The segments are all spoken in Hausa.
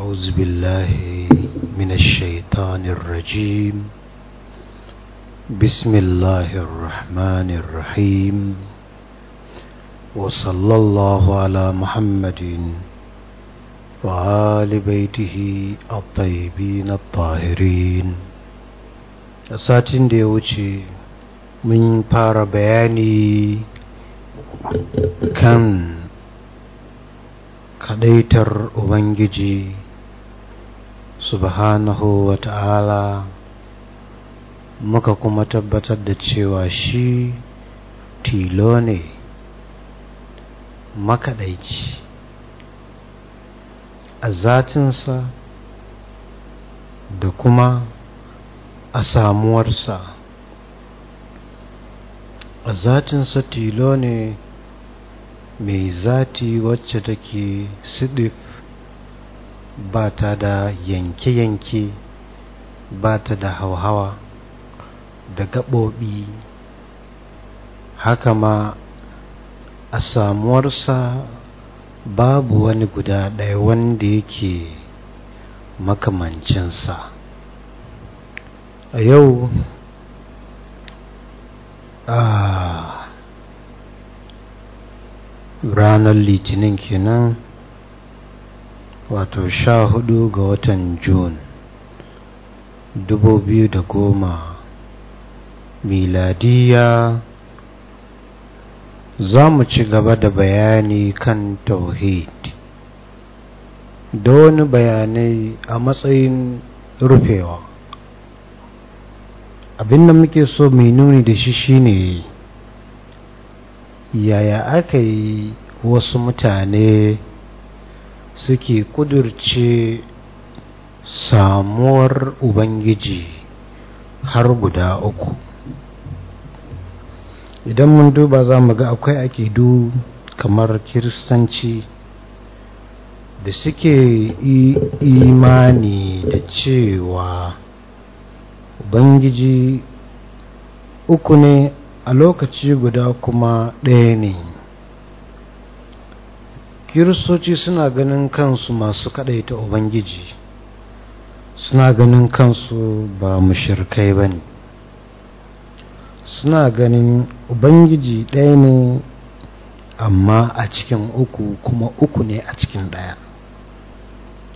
أعوذ بالله من الشيطان الرجيم بسم الله الرحمن الرحيم وصلى الله على محمد وآل بيته الطيبين الطاهرين أساتين ديوتي من بارباني كان كديتر Ubangiji subhanahu wa ta'ala muka kuma tabbatar da cewa shi tilo ne makaɗaici a zatinsa da kuma a samuwarsa a zatinsa tilo ne mai zati wacce take sidif ba ta da yanke-yanke ba ta da hauhawa da gaɓoɓi haka ma a samuwarsa babu wani guda ɗaya wanda yake makamancinsa a yau a ranar litinin kenan wato sha hudu ga watan jun dubu biyu da goma miladiya za mu ci gaba da bayani kan tauhid da wani bayanai a matsayin rufewa abin da muke so mai nuni da shi shine yaya aka yi wasu mutane suke kudurce samuwar ubangiji har guda uku idan mun duba za mu ga akwai akidu kamar kiristanci da suke imani da cewa ubangiji uku ne a lokaci guda kuma ɗaya ne kiristoci suna ganin kansu masu ta ubangiji suna ganin kansu ba mushirkai ba ne suna ganin ubangiji ɗaya ne amma a cikin uku kuma uku ne a cikin ɗaya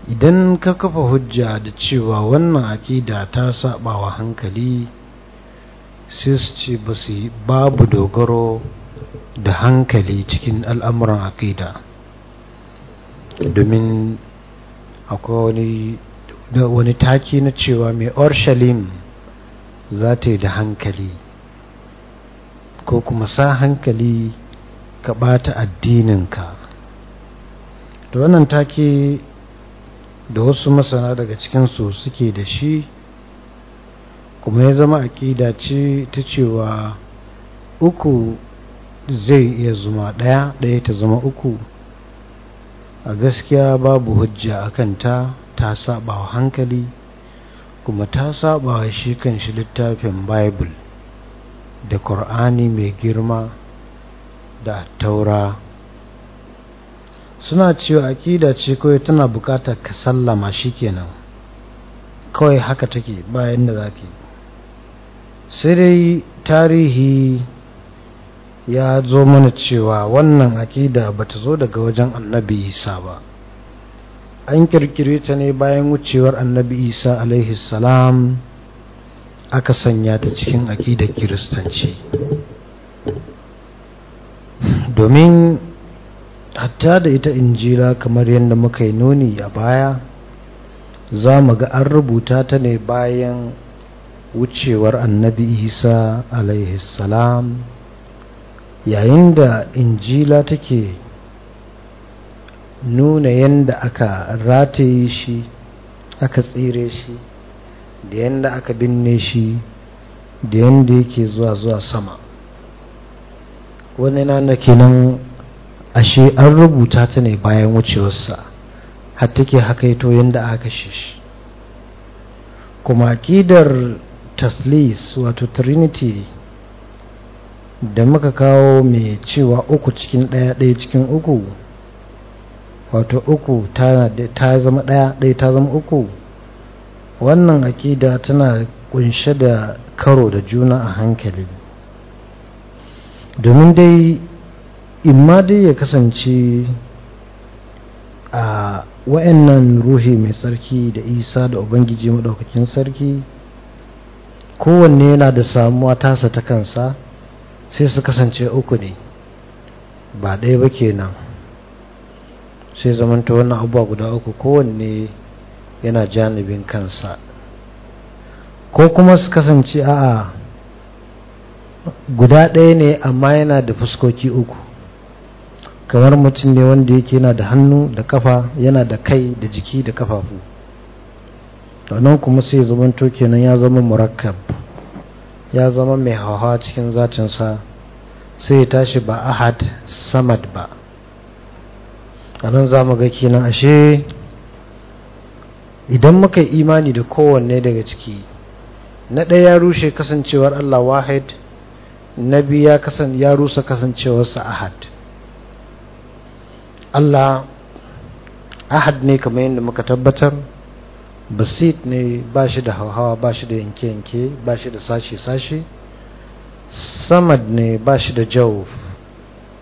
idan ka kafa hujja da cewa wannan aƙida ta saɓawa hankali sai su ce ba su babu dogaro da hankali cikin al'amuran akida. Mm-hmm. domin akwai wani taki na cewa mai orshalim za ta yi da hankali ko kuma sa hankali ka bata addininka da wannan take da wasu masana daga cikinsu suke da shi kuma ya zama aƙida ce ta cewa uku zai iya zuma ɗaya ɗaya ta zama uku a gaskiya babu hujja akan ta ta saba wa hankali kuma ta saba wa shi kan shi littafin bible da ƙur'ani mai girma da taura suna cewa aƙida ce kawai tana buƙatar ka sallama shi kenan kawai haka take bayan da za sai dai tarihi ya zo mana cewa wannan akida bata zo daga wajen annabi isa ba an kirkire ta ne bayan wucewar annabi isa alaihi salam aka sanya ta cikin akida kiristanci domin hatta da ita injila kamar yadda muka yi nuni a baya za mu ga an rubuta ta ne bayan wucewar annabi isa alaihi salam yayin da injila take nuna yadda aka rataye shi aka tsire shi da yadda aka binne shi da yadda yake zuwa zuwa sama wani na kenan ashe an rubuta ta ne bayan wucewarsa har take hakaito yadda aka kashe shi kuma kidar taslis wato trinity da muka kawo mai cewa uku cikin ɗaya ɗaya cikin uku wato uku ta zama ɗaya ɗaya ta zama uku wannan akida tana kunshe da karo da juna a hankali domin dai imma dai ya kasance a wa'annan ruhi mai tsarki da isa da ubangiji maɗaukakin sarki kowanne yana da samuwa tasa ta kansa sai su kasance uku ne ba ɗaya ba kenan sai zamanta wannan abubuwa guda uku kowanne yana janibin kansa ko kuma su kasance a'a guda ɗaya ne amma yana da fuskoki uku kamar mutum ne wanda yake yana da hannu da kafa yana da kai da jiki da kafafu nan kuma sai zamanto kenan ya zama murakkab ya zama mai hawa cikin zatinsa sai ya tashi ba ahad samad ba a nan za mu ga kinan ashe idan muka imani da kowanne daga ciki na ɗaya ya rushe kasancewar Allah wahid na biyu ya rusa kasancewarsa ahad Allah ahad ne kamar yadda muka tabbatar basit ne ba shi da hauhawa ba shi da yanke-yanke ba shi da sashe-sashe samad ne ba shi da jauf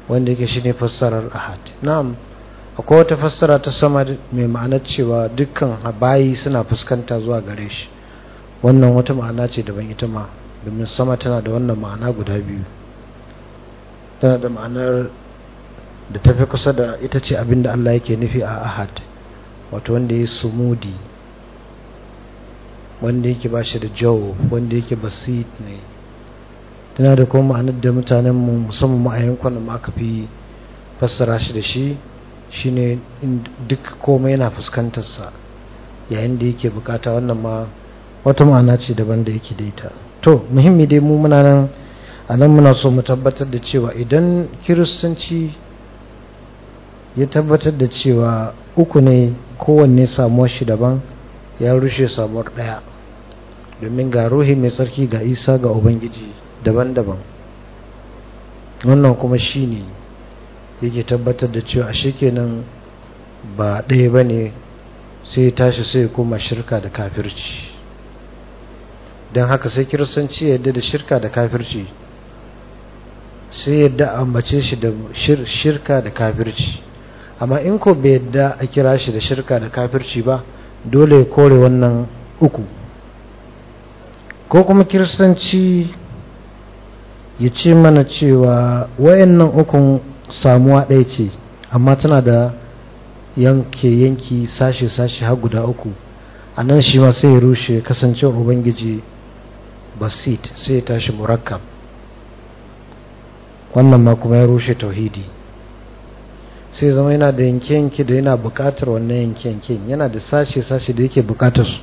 wanda yake shi ne fassarar ahad na'am akwai wata fassara ta samad mai ma'anar cewa dukkan habayi suna fuskanta zuwa gare shi wannan wata ma'ana ce daban ita ma domin sama tana da wannan ma'ana guda biyu tana da ma'anar da tafi kusa da ita ce abinda Allah yake nufi a ahad wato wanda ya yi sumudi wanda yake ba shi da jawo wanda yake basit ne tana da kuma ma'anar da mutanen musamman ma'ayyankon da aka fi fassara shi da shi shine duk komai yana fuskantarsa yayin da yake bukata wannan ma wata ma'ana ce daban da yake daita to muhimmi dai mu muna nan a nan muna so mu tabbatar da cewa idan kiristanci ya tabbatar da cewa uku ne kowanne samuwar shi daban ya rushe samuwar ɗaya domin ga ruhi mai tsarki ga isa ga ubangiji daban-daban wannan kuma shi ne yake tabbatar da cewa ashe kenan ba ɗaya ba ne sai ya tashi sai ya koma shirka da kafirci don haka sai kiristanci yadda da shirka da kafirci sai yadda mace shi da shirka da kafirci amma in ko bai yadda a kira shi da shirka da kafirci ba dole ya kore wannan uku ko kuma kiristanci ya ce mana cewa wayannan ukun samuwa ɗaya ce amma tana da yanke yanki sashe-sashe har guda uku a nan shi ma sai ya rushe kasancewar ubangiji basit sai ya tashi murakkab wannan ma kuma ya rushe tauhidi sai zama yana da yanke-yanke da yana buƙatar wannan yanke-yanke yana da sashe-sashe da yake bukatar su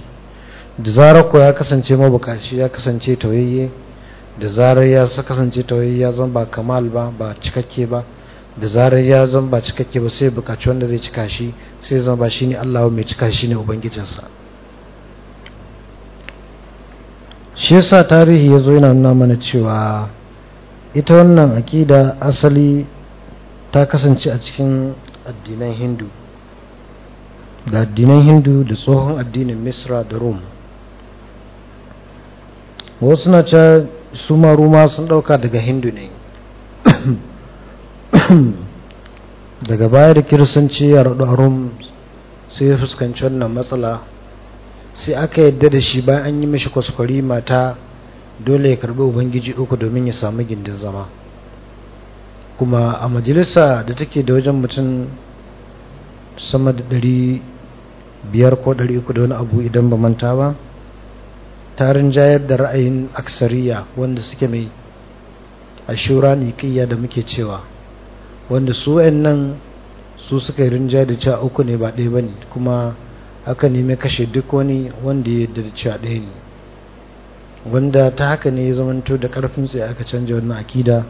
da zarar ko ya kasance mabukaci ya kasance tawayye da zarar ya kasance tawayye ya zama ba kamal ba ba cikakke ba da zarar ya zama ba cikakke ba sai bukaci wanda zai cika shi sai zama ba ne Allah mai cika shi ne ubangijinsa shi yasa tarihi ya zo yana nuna mana cewa ita wannan akida asali ta kasance a cikin addinan hindu da addinan hindu da tsohon addinin misra da Rum. wasu na ce su maruma sun dauka daga hindu ne daga baya da kirsanci ya raɗu a rome sai ya fuskanci wannan matsala sai aka yadda da shi bayan an yi mashi kwaskwari mata dole ya karɓi ubangiji uku domin ya samu gindin zama kuma a majalisa da take da wajen mutum sama da ɗari biyar ko ɗari uku da wani abu idan ba manta ba ta jayar da ra'ayin aksariya wanda suke mai ashura niƙiyya da muke cewa wanda su nan su suka yi rinjaya da cewa uku ne ba ɗaya ba ne kuma aka mai kashe duk wani wanda ya yarda da cewa ɗaya ne wanda ta haka ne ya zamanto da ƙarfin sai aka canja wannan akida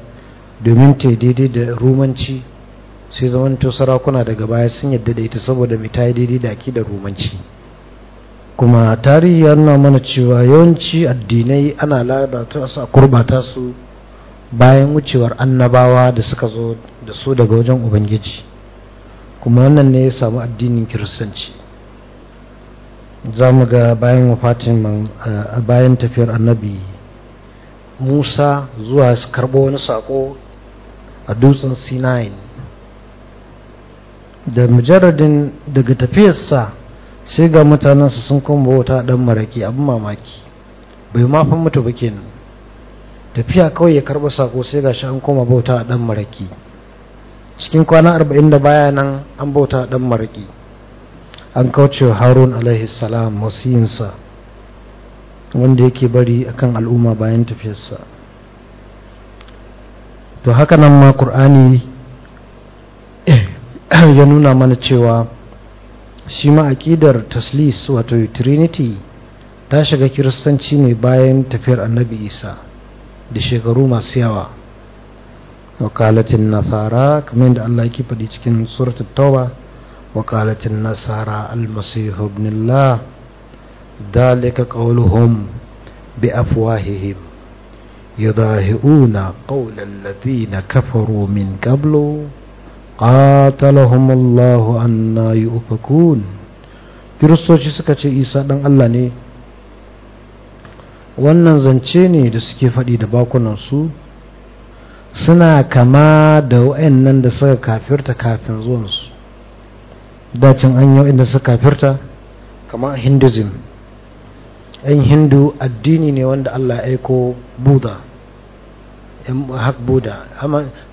domin ta daidai da rumanci sai zamanto sarakuna daga baya sun yadda da ita saboda mai ta yi daidai da aki da rumanci kuma tarihi ya nuna mana cewa yawanci addinai ana lalata su a kurbata su bayan wucewar annabawa da suka zo da su daga wajen ubangiji kuma wannan ne ya samu addinin kiristanci za mu ga bayan wafatin bayan tafiyar annabi musa zuwa su karɓo wani sako a dutsen sinai da majaradin daga tafiyarsa sai ga mutanensu sun kuma wata dan maraki abin mamaki bai mafan mutu ba kenan tafiya kawai ya karɓi sako sai ga shi an koma bauta dan maraki cikin kwana arba'in da baya nan an bauta dan maraki an kaucewa harun alaihi salam wasiyinsa wanda yake bari akan al'umma bayan tafiyarsa to haka nan ma ƙur'ani ya nuna mana cewa shi ma aƙidar taslis wato trinity ta shiga kiristanci ne bayan tafiyar annabi isa da shekaru masu yawa wakalatin nasara kamar da allah ke faɗi cikin suratun tauba wakalatin nasara almasihu ibnillah dalika qawluhum bi afwahihim يضاهئون قول الذين كفروا من قبل قاتلهم الله أن يؤفكون kiristoci suka ce isa ɗan Allah ne wannan zance ne da suke faɗi da su. suna kama da wa'annan da suka kafirta kafin zuwansu dacin an yi wa'anda suka kafirta kama hinduism yan hindu addini ne wanda Allah ya aiko buda yan buda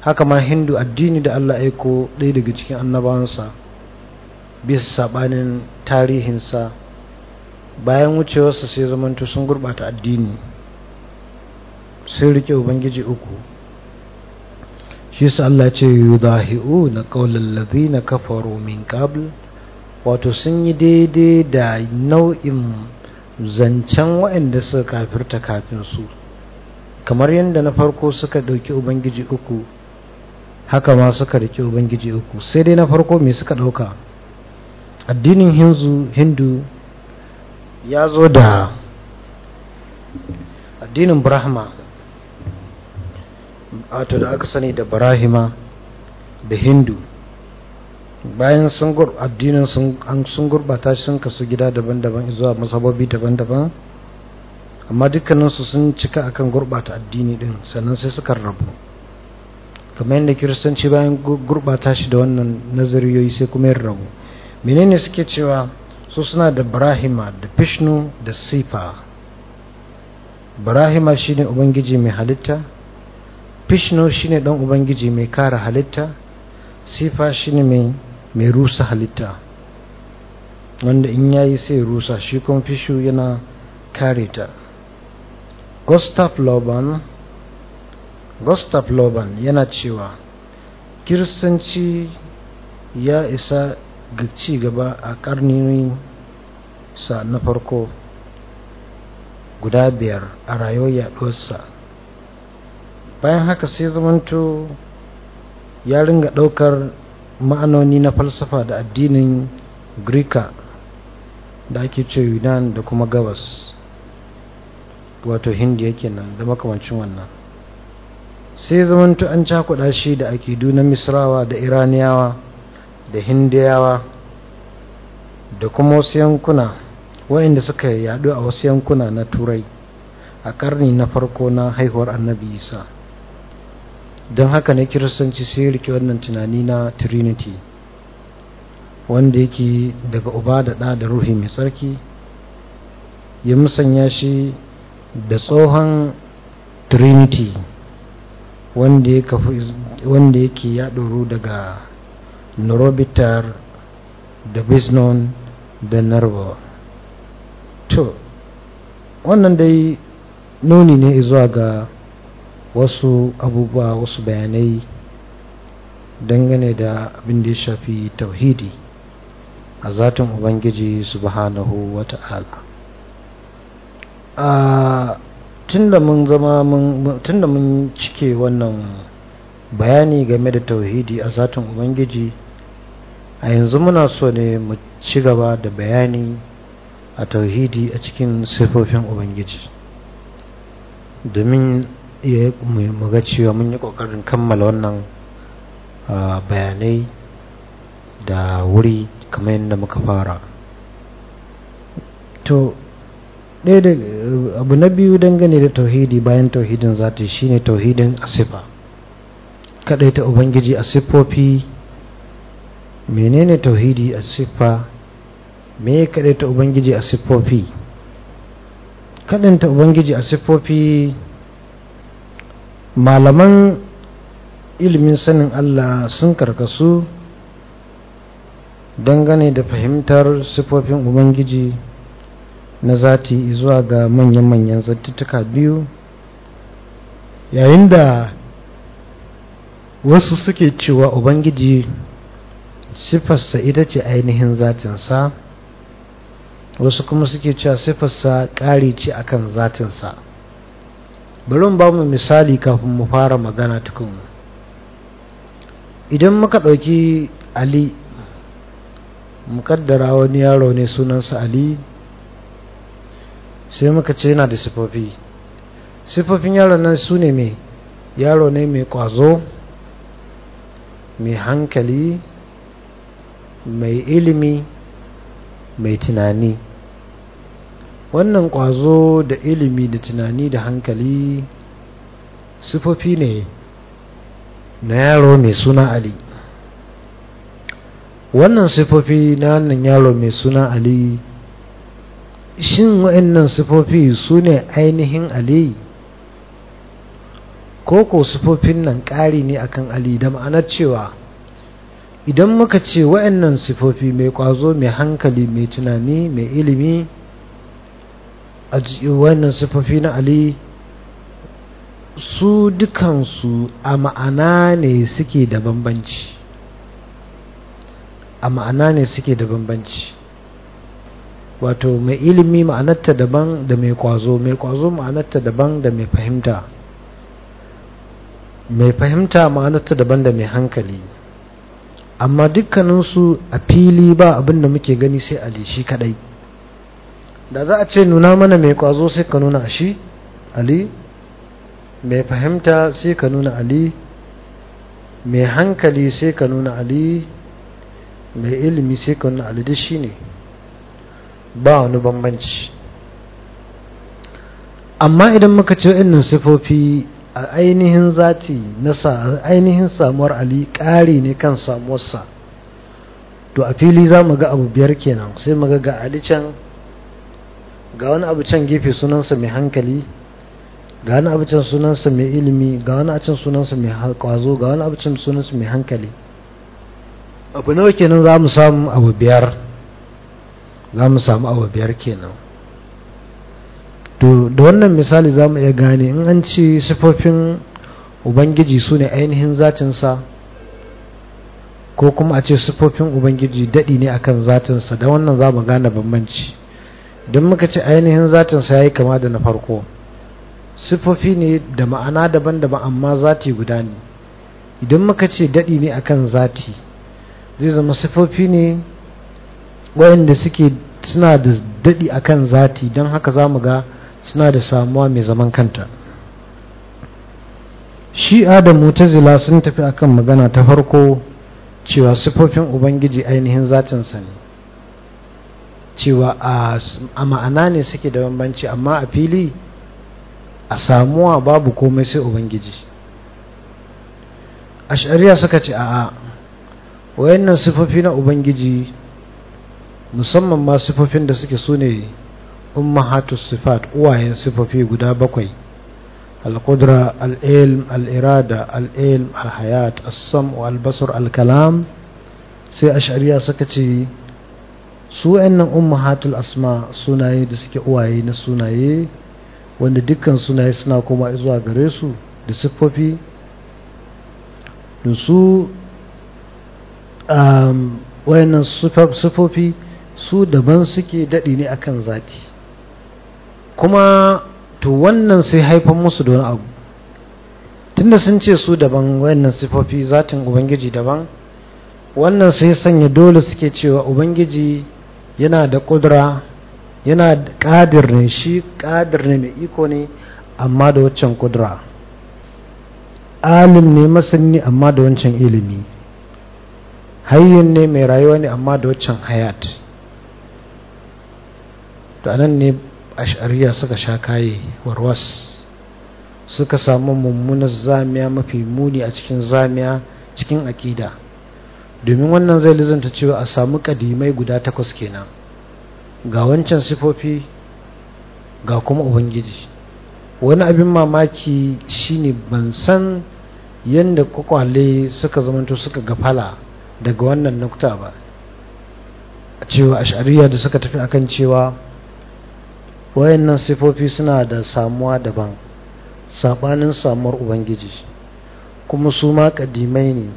haka ma hindu addini da allah aiko ɗaya daga cikin annabawansa bisa saɓanin tarihinsa bayan wucewarsa sai zamanto sun gurɓata addini sai riƙe ubangiji uku shi su allah ce yi zahi'u na ƙaunar na kafa min qabl wato sun yi daidai da nau'in zancen waɗanda suka kafirta kafin su kamar yadda na farko suka ɗauki ubangiji uku haka ma suka riƙe ubangiji uku sai dai na farko me suka ɗauka addinin hindu ya zo da addinin brahma wato da aka sani da Brahima da hindu bayan addinin sun gurbata sun kasu gida daban-daban zuwa masabobi daban-daban amma dukkaninsu sun cika akan gurɓata addini din sannan sai suka rabu kamar yadda kiristanci bayan gurɓata shi da wannan nazariyoyi sai kuma yin rabu menene suke cewa su suna da barahima da fishnu da sifa barahima shine ubangiji mai halitta fishnu shine dan ubangiji mai kara halitta sifa shine mai mai rusa halitta wanda in yayi sai rusa shi kuma fishu yana kare ta gustav loban gustav loban yana cewa kiristanci ya isa ga ci gaba a sa na farko guda biyar a rayuwar yaduwarsa bayan haka sai zamanto ya ringa ɗaukar ma'anoni na falsafa da addinin greek da ake ce yunan da kuma gabas wato hindiya nan, da makamancin wannan sai zamanto an cakuɗa shi da akidu na misrawa da iraniyawa da hindiyawa da kuma wasu yankuna wa'inda suka yaɗu a wasu yankuna na turai a karni na farko na haihuwar annabi isa don haka ne kiristanci sai rike wannan tunani na trinity wanda yake daga uba da ɗa da ruhi mai tsarki ya musanya shi da tsohon trinity wanda yake ya ɗoro daga norobitar da bisnon da narva to wannan dai nuni ne zuwa ga wasu abubuwa wasu bayanai dangane da abin da ya shafi tauhidi a zatin ubangiji subhanahu wa ta'ala tunda mun zama tunda mun cike wannan bayani game da tauhidi a zatin ubangiji a yanzu muna so ne mu ci gaba da bayani a tauhidi a cikin siffofin ubangiji domin ya muga cewa mun yi kokarin kammala wannan bayanai da wuri kamar yadda muka fara to ɗaya da abu na biyu dangane da tauhidi bayan tauhidin zati shine tauhidin asifa ta ubangiji a siffofi menene tauhidi a siffa me ya ta ubangiji a siffofi ta ubangiji a siffofi malaman ilimin sanin allah sun karkasu dangane da fahimtar siffofin ubangiji na zati zuwa ga manyan-manyan zattutuka biyu yayin da wasu suke cewa ubangiji siffarsa ita ce ainihin zatinsa wasu kuma suke cewa siffarsa ƙari ce akan zatinsa bari ba mu misali kafin mu fara magana tukun idan muka ɗauki ali mukaddara wani yaro ne sunansa ali sai muka ce yana da sifofi sifofin yaron nan su ne mai yaro ne mai kwazo mai hankali mai ilimi mai tunani wannan kwazo da ilimi da tunani da hankali sifofi ne na yaro mai suna ali wannan sifofi na wannan yaro mai suna ali shin wa'annan sufofi su ne ainihin aliyu ko ko sufofin nan ƙari ne akan Aliyu, da ma'anar cewa idan muka ce wa'annan sufofi mai ƙwazo mai hankali mai tunani mai ilimi a wa'annan sufofi na Aliyu? su dukansu a ma'ana ne suke da bambanci a ma'ana ne suke da bambanci wato mai ilimi ma'anarta daban da mai kwazo mai kwazo ma'anarta daban da mai fahimta mai fahimta ma'anarta daban da mai hankali amma dukkaninsu a fili ba abin da muke gani sai ali shi kadai da za a ce nuna mana mai kwazo sai ka nuna shi ali mai fahimta sai ka nuna ali mai hankali sai ka nuna ali mai ilimi sai ka nuna ali duk shi ne ba wani bambanci amma idan muka ce innan sifofi a ainihin zati na ainihin samuwar ali ƙari ne kan samuwarsa to a fili za mu ga abu biyar kenan sai mu ga ga ali can ga wani abu can gefe sunansa mai hankali ga wani abu can sunansa mai ilimi ga wani abu can sunansa mai kwazo ga wani abu can sunansa mai hankali abu nawa kenan za mu samu abu biyar za mu samu abu biyar kenan da wannan misali za mu iya gane in an ci sifofin ubangiji su ne ainihin zatinsa ko kuma a ce sifofin ubangiji daɗi ne akan zatinsa da wannan za mu gane bambanci idan muka ce ainihin zatinsa ya yi kama da na farko sifofi ne da ma'ana daban-daban amma zati guda ne idan muka ce daɗi ne akan zati zai zama sifofi ne wayanda suke suna da daɗi akan zati don haka za mu ga suna da samuwa mai zaman kanta shi'a da mutazila sun tafi akan magana ta farko cewa sifofin ubangiji ainihin zatinsa ne cewa a ma'ana ne suke da bambanci amma a fili a samuwa babu komai sai ubangiji a shari'a suka ce a'a wayannan sifofi na ubangiji musamman ma sifofin da suke su ne ummahatus sifat uwayen sifofi guda bakwai al-qudra al-ilm al-irada al-ilm al-hayat as-sam al-basar al-kalam sai ashariya suka ce su wayannan ummahatul asma sunaye da suke uwaye na sunaye wanda dukkan sunaye suna koma zuwa gare su da siffofi su um wayannan siffofi su daban suke daɗi ne akan zati kuma to wannan sai haifan musu da wani abu tunda sun ce su daban wayannan sifofi zatin ubangiji daban wannan sai sanya dole suke cewa ubangiji yana da kudura yana kadir ne shi kadir ne mai iko ne amma da waccan kudura alim ne masani amma da wancan ilimi hayyin ne mai rayuwa ne amma da waccan hayati to anan ne ash'ariya suka sha kaye warwas suka samu mummunan zamiya mafi muni a cikin zamiya cikin aƙida domin wannan zai lizanta cewa a samu kadimai guda takwas kenan ga wancan sifofi ga kuma ubangiji wani abin mamaki shine ban san yadda kwakwale suka zamanto suka gafala daga wannan nukta ba cewa ashariya da suka tafi akan cewa Wayan nan sifofi suna da samuwa daban sabanin samuwar ubangiji kuma su ma kadimai ne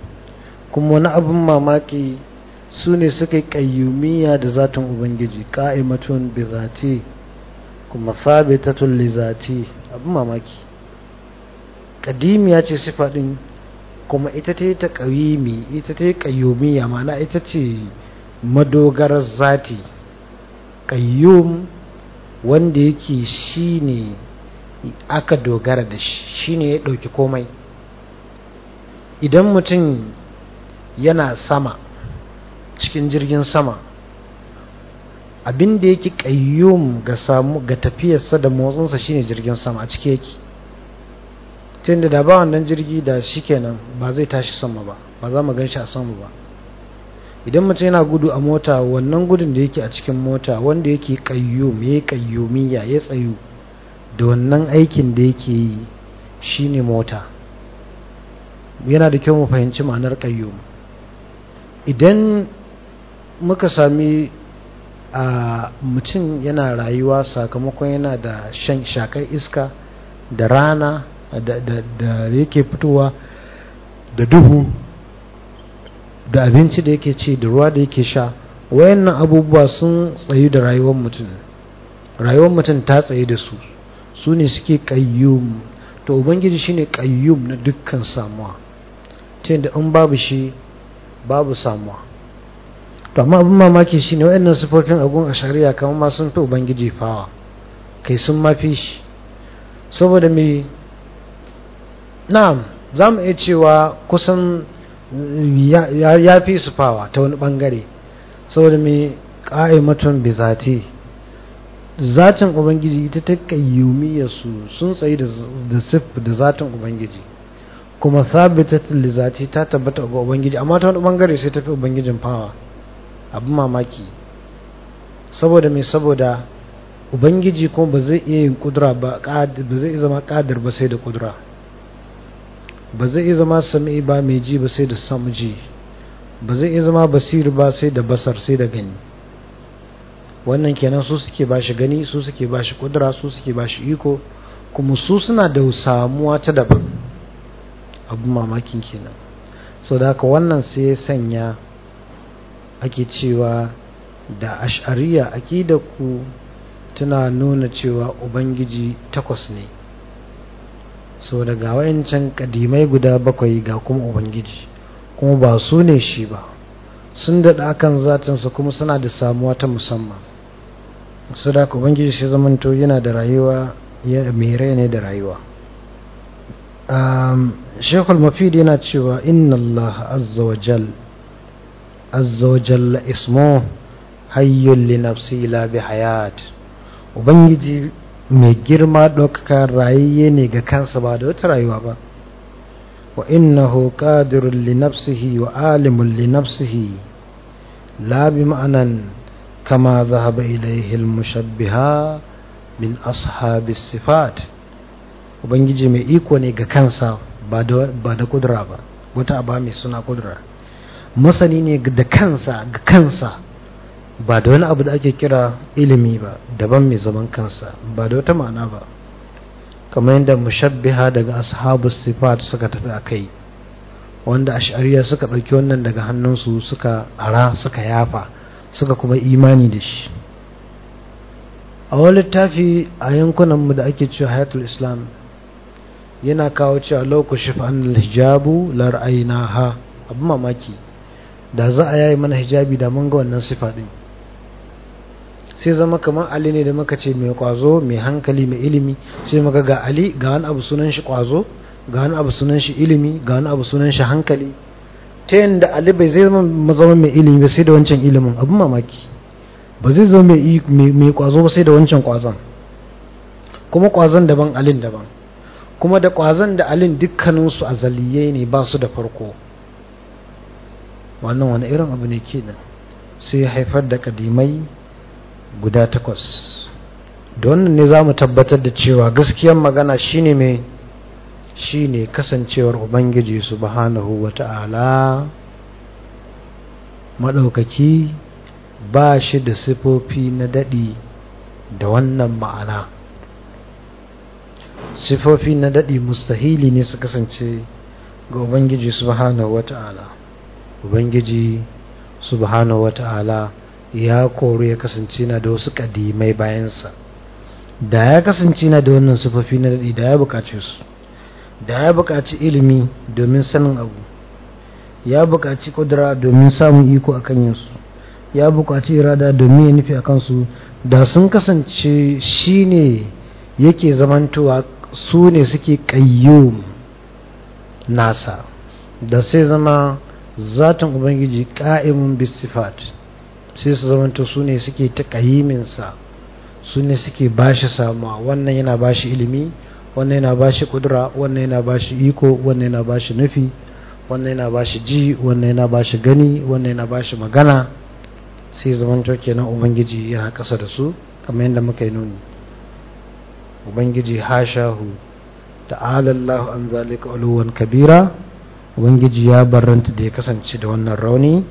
kuma wani abin mamaki su ne suka yi ƙayyumiya da zatin ubangiji ka'imatun bi zati kuma sabitatun li zati abin mamaki kadimiya ce sifa kuma ita ce ta ƙawimi ita ce ƙayyumiya mana ita ce madogarar zati ƙayyum wanda yake shi ne aka dogara da shi shi ne ya ɗauki komai idan mutum yana sama cikin jirgin sama abinda yake ƙayyum ga samu ga tafiyarsa da motsinsa shine jirgin sama a cike yake tun da ba wannan jirgi da shi kenan ba zai tashi sama ba ba za mu gan shi a sama ba idan mace yana gudu a mota wannan gudun da yake a cikin mota wanda yake kayyum ya kayyumiya ya tsayu da wannan aikin da yake yi shi ne mota yana da kyau mu fahimci ma'anar kayyum idan muka sami a mutum yana rayuwa sakamakon yana da shan shakar iska da rana da yake fitowa da duhu da abinci da yake ci da ruwa da yake sha wayannan abubuwa sun tsayu da rayuwar mutum rayuwar mutum ta tsaye da su su ne suke ƙayyum to ubangiji shine ƙayyum na dukkan samuwa ta yadda in babu shi babu samuwa to amma abin mamaki shi ne wayannan sifofin agun a shari'a kamar ma sun fi ubangiji fawa kai sun mafi shi saboda me na'am za mu iya cewa kusan ya fi su fawa ta wani bangare saboda mai ƙa'imatun bizati zatin ubangiji ita ta ƙayyumiyar su sun tsayi da sif da zatin ubangiji kuma sabitattun lizati ta tabbata ga ubangiji amma ta wani bangare sai ta fi ubangijin fawa abin mamaki saboda mai saboda ubangiji kuma ba zai iya yin kudura ba ba zai zama kadar ba sai da kudura ba zai iya zama sami ba mai ji ba sai da samji ji ba zai iya zama basir ba sai da basar sai da gani wannan kenan su suke ba shi gani su suke ba shi kudura su suke ba shi iko kuma su suna da samuwa ta daban abu mamakin kenan sau da haka wannan sai sanya ake cewa da ash'ariya aƙidar ku tana nuna cewa ubangiji takwas ne so daga wayancan kadimai guda bakwai ga kuma ubangiji kuma ba su ne shi ba sun daɗe akan zatinsa kuma suna da samuwa ta musamman su da ubangiji shi zamanto yana da rayuwa ya mere ne da rayuwa shekul mafidi yana cewa inna allah azza wa ismo hayyul nafsi ila bi hayat ubangiji mai girma ɗaukaka rayayye ne ga kansa ba da wata rayuwa ba wa innahu qadirun li nafsihi wa alimun li nafsihi la bi ma'anan kama zahaba ilayhi al-mushabbiha min ashabi sifat ubangiji mai iko ne ga kansa ba da ba kudura ba wata aba mai suna kudura masani ne da kansa ga kansa ba da wani abu da ake kira ilimi ba daban mai zaman kansa ba da wata ma'ana ba kamar yadda mushabbiha daga ashabu sifat suka tafi a kai wanda a ashariya suka ɗauki wannan daga hannunsu suka ara suka yafa suka kuma imani da shi a wani littafi a yankunanmu da ake cewa hayatul islam yana kawo cewa lauku shifan hijabu lar'aina ha abu mamaki da za a yayi mana hijabi da mun ga wannan sifa ɗin sai zama kamar ali ne da muka ce mai kwazo mai hankali mai ilimi sai muka ga ali ga wani abu sunan shi kwazo ga wani abu sunan shi ilimi ga wani abu sunan shi hankali ta yadda ali bai zai zama zama mai ilimi ba sai da wancan ilimin abin mamaki ba zai zama mai kwazo ba sai da wancan kwazon kuma kwazon daban alin daban kuma da kwazon da alin dukkaninsu azaliyai ne ba su da farko wannan wani irin abu ne kenan sai haifar da kadimai guda takwas da wannan ne za mu tabbatar da cewa gaskiyar magana shine mai shine kasancewar ubangiji subhanahu wa wata'ala maɗaukaki ba shi da sifofi na daɗi da wannan ma'ana sifofi na daɗi mustahili ne su kasance ga ubangiji subhanahu wa wata'ala ubangiji subhanahu wa wata'ala ya kori ya kasance na da wasu kadimai bayansa da ya kasance na da wannan sufafi na daɗi da ya buƙace su da ya buƙaci ilimi domin sanin abu ya buƙaci ƙudura domin samun iko a kan yinsu ya buƙaci irada domin ya nufi a kansu da sun kasance shi ne yake zamantowa su ne suke ƙayyum nasa da sai zama zaton ubangiji ƙa'imun bisifat sai su zamanta su ne suke taƙayiminsa su ne suke bashi samuwa wannan yana bashi ilimi wannan yana bashi kudura wannan yana bashi iko wannan yana bashi nufi wannan yana bashi ji wannan yana bashi gani wannan yana bashi magana sai zamanta kenan ubangiji yana kasa da su kamar yadda muka yi nuni ubangiji hashahu ta'ala Allah an zalika uluwan kabira ubangiji ya barranta da ya kasance da wannan rauni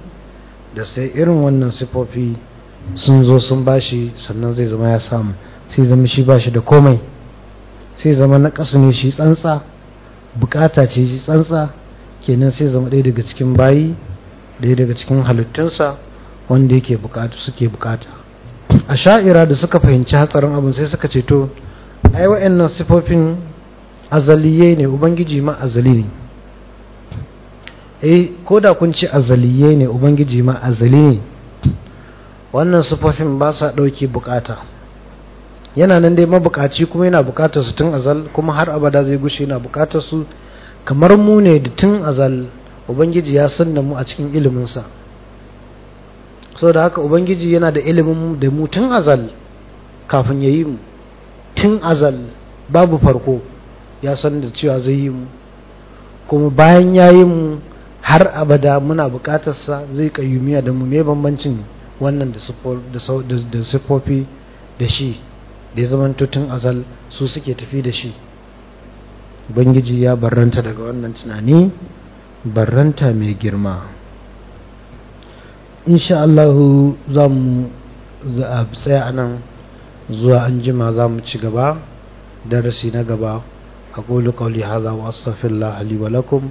da sai irin wannan sifofi sun zo sun bashi sannan zai zama ya samu sai zama shi bashi da komai sai zama na ƙasa ne shi tsantsa bukata ce shi tsantsa kenan sai zama ɗaya daga cikin bayi ɗaya daga cikin halittunsa wanda yake bukatu suke bukata a sha'ira da suka fahimci hatsarin abin sai suka ce to ai wa'annan sifofin azaliye ne ubangiji ma azali ne eh ko da kun ce azaliye ne ubangiji ma azali ne wannan sufofin ba sa ɗauki bukata yana nan dai mabukaci kuma yana bukatar su tun azal kuma har abada zai gushe yana bukatar su kamar mu ne da tun azal ubangiji ya sanna mu a cikin iliminsa so da haka ubangiji yana da ilimin da mu tun azal kafin ya yi mu tun azal babu farko ya san da cewa zai yi mu kuma bayan ya yi mu har abada muna sa zai kayyumiya da mu me bambancin wannan da siffofi da shi da ya zama tutun azal su suke tafi da shi ubangiji ya barranta daga wannan tunani barranta mai girma insha Allahu za mu tsaya anan zuwa an jima za mu ci gaba darasi na gaba a أقول kauli هذا وأستغفر الله لي lakum